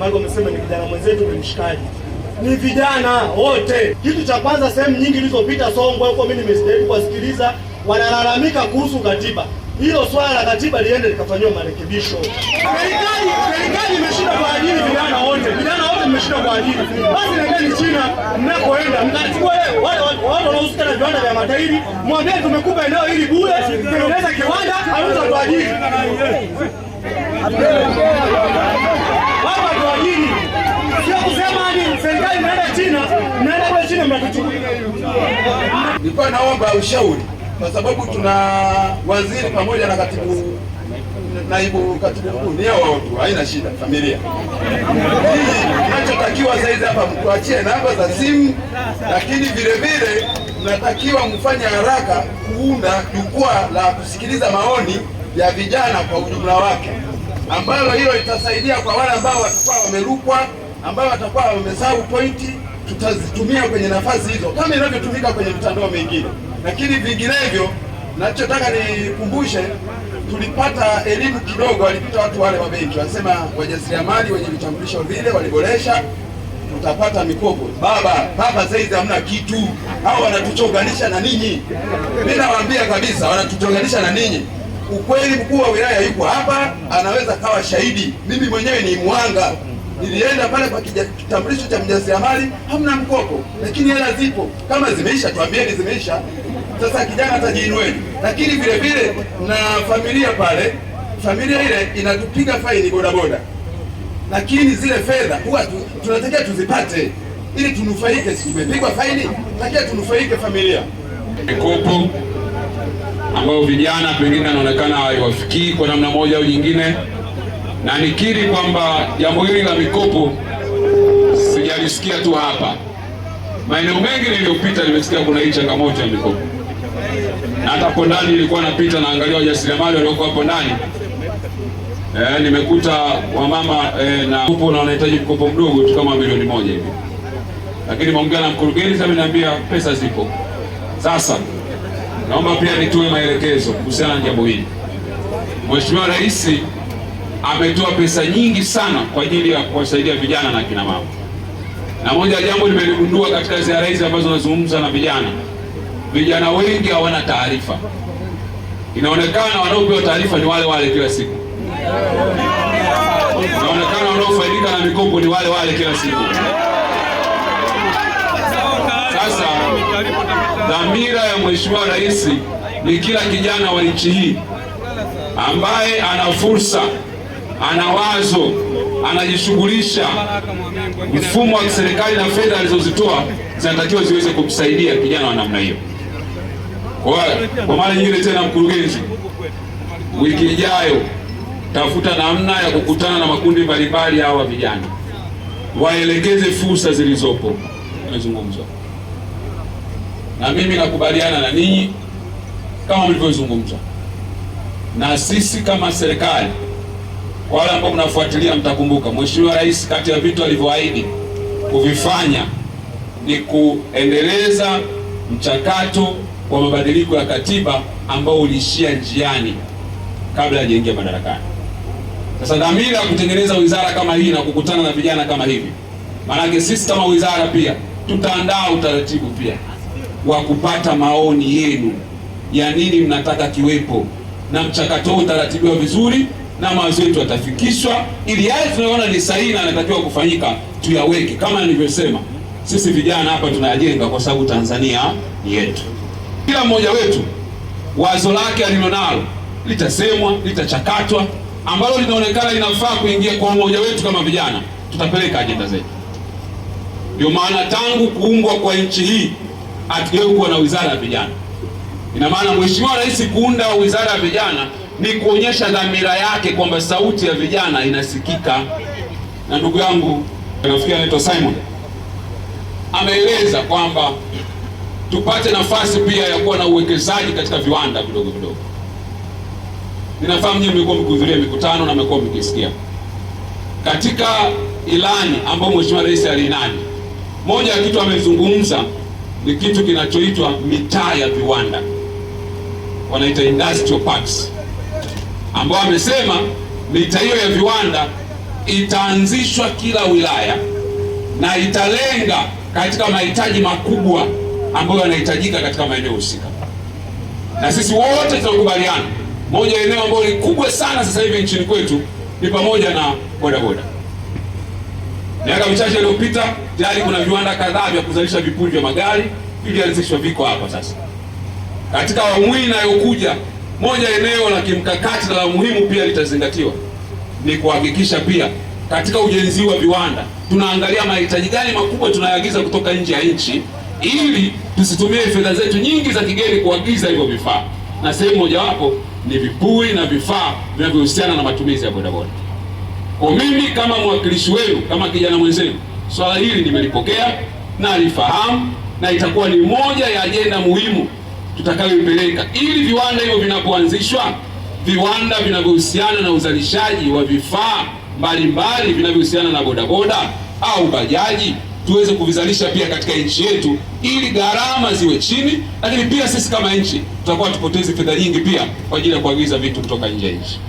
Mago amesema ni vijana mwenzetu, ni mshikaji, ni vijana wote. Kitu cha kwanza, sehemu nyingi ilizopita Songwe huko, mimi nimesijaribu kuwasikiliza, wanalalamika kuhusu katiba. Hilo swala la katiba liende likafanyiwa marekebisho. Serikali serikali imeshinda kwa ajili vijana wote, vijana wote mmeshinda kwa ajili. Basi nendeni China mnakoenda, mkachukua wale wale wanaohusika na viwanda vya matairi, mwambie tumekupa eneo hili bure, tengeneza kiwanda, auza kwa ajili wa sio kusema ni serikali China, kwa China mnatuchukua. Nilikuwa naomba ushauri, kwa sababu tuna waziri pamoja na katibu naibu katibu mkuu ni hao watu, haina shida. Familia hii inachotakiwa zaidi hapa, mtuachie namba za simu, lakini vile vile mnatakiwa mfanye haraka kuunda jukwaa la kusikiliza maoni ya vijana kwa ujumla wake ambalo hilo litasaidia kwa wale ambao watakuwa wamerukwa, ambao watakuwa wamesahau pointi, tutazitumia kwenye nafasi hizo kama inavyotumika kwenye mitandao mingine, lakini vinginevyo nachotaka nikumbushe, tulipata elimu kidogo, walipita watu wale wa benki, wanasema wajasiriamali wenye vitambulisho vile waliboresha, tutapata mikopo. Baba baba, zaidi hamna kitu, hao wanatuchonganisha na ninyi. Mimi nawaambia kabisa, wanatuchonganisha na ninyi. Ukweli, mkuu wa wilaya yuko hapa, anaweza kawa shahidi. Mimi mwenyewe ni mwanga, nilienda pale kwa kitambulisho cha mjasiriamali, hamna mkopo, lakini hela zipo. Kama zimeisha tuambieni zimeisha, sasa kijana atajiinueni. Lakini vile vile na familia pale, familia ile inatupiga faini bodaboda, lakini zile fedha huwa tunatakiwa tuzipate ili tunufaike. Si tumepigwa faini, tunatakiwa tunufaike familia mikopo ambao vijana pengine anaonekana haiwafikii kwa namna moja au nyingine, na nikiri kwamba jambo hili la mikopo sijalisikia tu hapa, maeneo mengi niliyopita nimesikia kuna hii changamoto ya mikopo, na hata hapo ndani nilikuwa napita naangalia wajasiriamali waliokuwa hapo ndani. E, nimekuta wamama e, na mkopo na wanahitaji mkopo mdogo tu kama milioni moja hivi, lakini maongea na mkurugenzi ameniambia pesa zipo sasa naomba pia nitoe maelekezo kuhusiana na jambo hili. Mheshimiwa Rais ametoa pesa nyingi sana kwa ajili ya kuwasaidia vijana na kina mama, na moja ya jambo nimeligundua katika ziara hizi ambazo nazungumza na vijana, vijana wengi hawana taarifa. Inaonekana wanaopewa taarifa ni wale wale kila siku, inaonekana wanaofaidika na mikopo ni wale wale kila siku. Sasa Dhamira ya Mheshimiwa Rais ni kila kijana wa nchi hii ambaye ana fursa, ana wazo, anajishughulisha, mfumo wa serikali na fedha alizozitoa zinatakiwa ziweze kumsaidia kijana wa namna hiyo. Kwa, kwa mara nyingine tena, mkurugenzi, wiki ijayo tafuta namna ya kukutana na makundi mbalimbali hawa vijana, waelekeze fursa zilizopo. mezungumzwa na mimi nakubaliana na ninyi kama mlivyozungumza, na sisi kama serikali, kwa wale ambao mnafuatilia, mtakumbuka Mheshimiwa Rais kati ya vitu alivyoahidi kuvifanya ni kuendeleza mchakato wa mabadiliko ya katiba ambao uliishia njiani kabla hajaingia madarakani. Sasa dhamira ya kutengeneza wizara kama hii na kukutana na vijana kama hivi, maanake sisi kama wizara pia tutaandaa utaratibu pia wa kupata maoni yenu ya nini mnataka kiwepo, na mchakato huu utaratibiwa vizuri na mawazo yetu yatafikishwa, ili yale tunayoona ni sahihi na yanatakiwa kufanyika tuyaweke. Kama nilivyosema, sisi vijana hapa tunayajenga kwa sababu Tanzania ni yetu. Kila mmoja wetu wazo lake alilonalo litasemwa, litachakatwa, ambalo linaonekana linafaa kuingia kwa umoja wetu kama vijana, tutapeleka ajenda zetu. Ndio maana tangu kuumbwa kwa nchi hii kuwa na wizara ya vijana. Ina maana Mheshimiwa Rais kuunda wizara ya vijana ni kuonyesha dhamira yake kwamba sauti ya vijana inasikika. Na ndugu yangu rafiki anaitwa Simon ameeleza kwamba tupate nafasi pia ya kuwa na uwekezaji katika viwanda vidogo vidogo. Ninafahamu nyinyi mmekuwa mkihudhuria mikutano na mmekuwa mkisikia katika ilani ambayo Mheshimiwa Rais aliinadi, moja ya kitu amezungumza ni kitu kinachoitwa mitaa ya viwanda, wanaita industrial parks, ambao amesema mitaa hiyo ya viwanda itaanzishwa kila wilaya na italenga katika mahitaji makubwa ambayo yanahitajika katika maeneo husika, na sisi wote tunakubaliana moja ya eneo ambayo ni kubwa sana sasa hivi nchini kwetu ni pamoja na bodaboda. Miaka michache iliyopita tayari kuna viwanda kadhaa vya kuzalisha vipuri vya magari vilivyoanzishwa, viko hapa sasa. Katika awamu hii inayokuja, moja eneo la kimkakati na la muhimu pia litazingatiwa ni kuhakikisha pia katika ujenzi wa viwanda tunaangalia mahitaji gani makubwa tunayoagiza kutoka nje ya nchi, ili tusitumie fedha zetu nyingi za kigeni kuagiza hivyo vifaa, na sehemu mojawapo ni vipuri na vifaa vinavyohusiana na matumizi ya bodaboda. Kwa mimi kama mwakilishi wenu, kama kijana mwenzenu, swala hili nimelipokea na alifahamu na itakuwa ni moja ya ajenda muhimu tutakayoipeleka, ili viwanda hivyo vinapoanzishwa, viwanda vinavyohusiana na uzalishaji wa vifaa mbalimbali vinavyohusiana na bodaboda au bajaji tuweze kuvizalisha pia katika nchi yetu ili gharama ziwe chini, lakini pia sisi kama nchi tutakuwa tupotezi fedha nyingi pia kwa ajili ya kuagiza vitu kutoka nje ya nchi.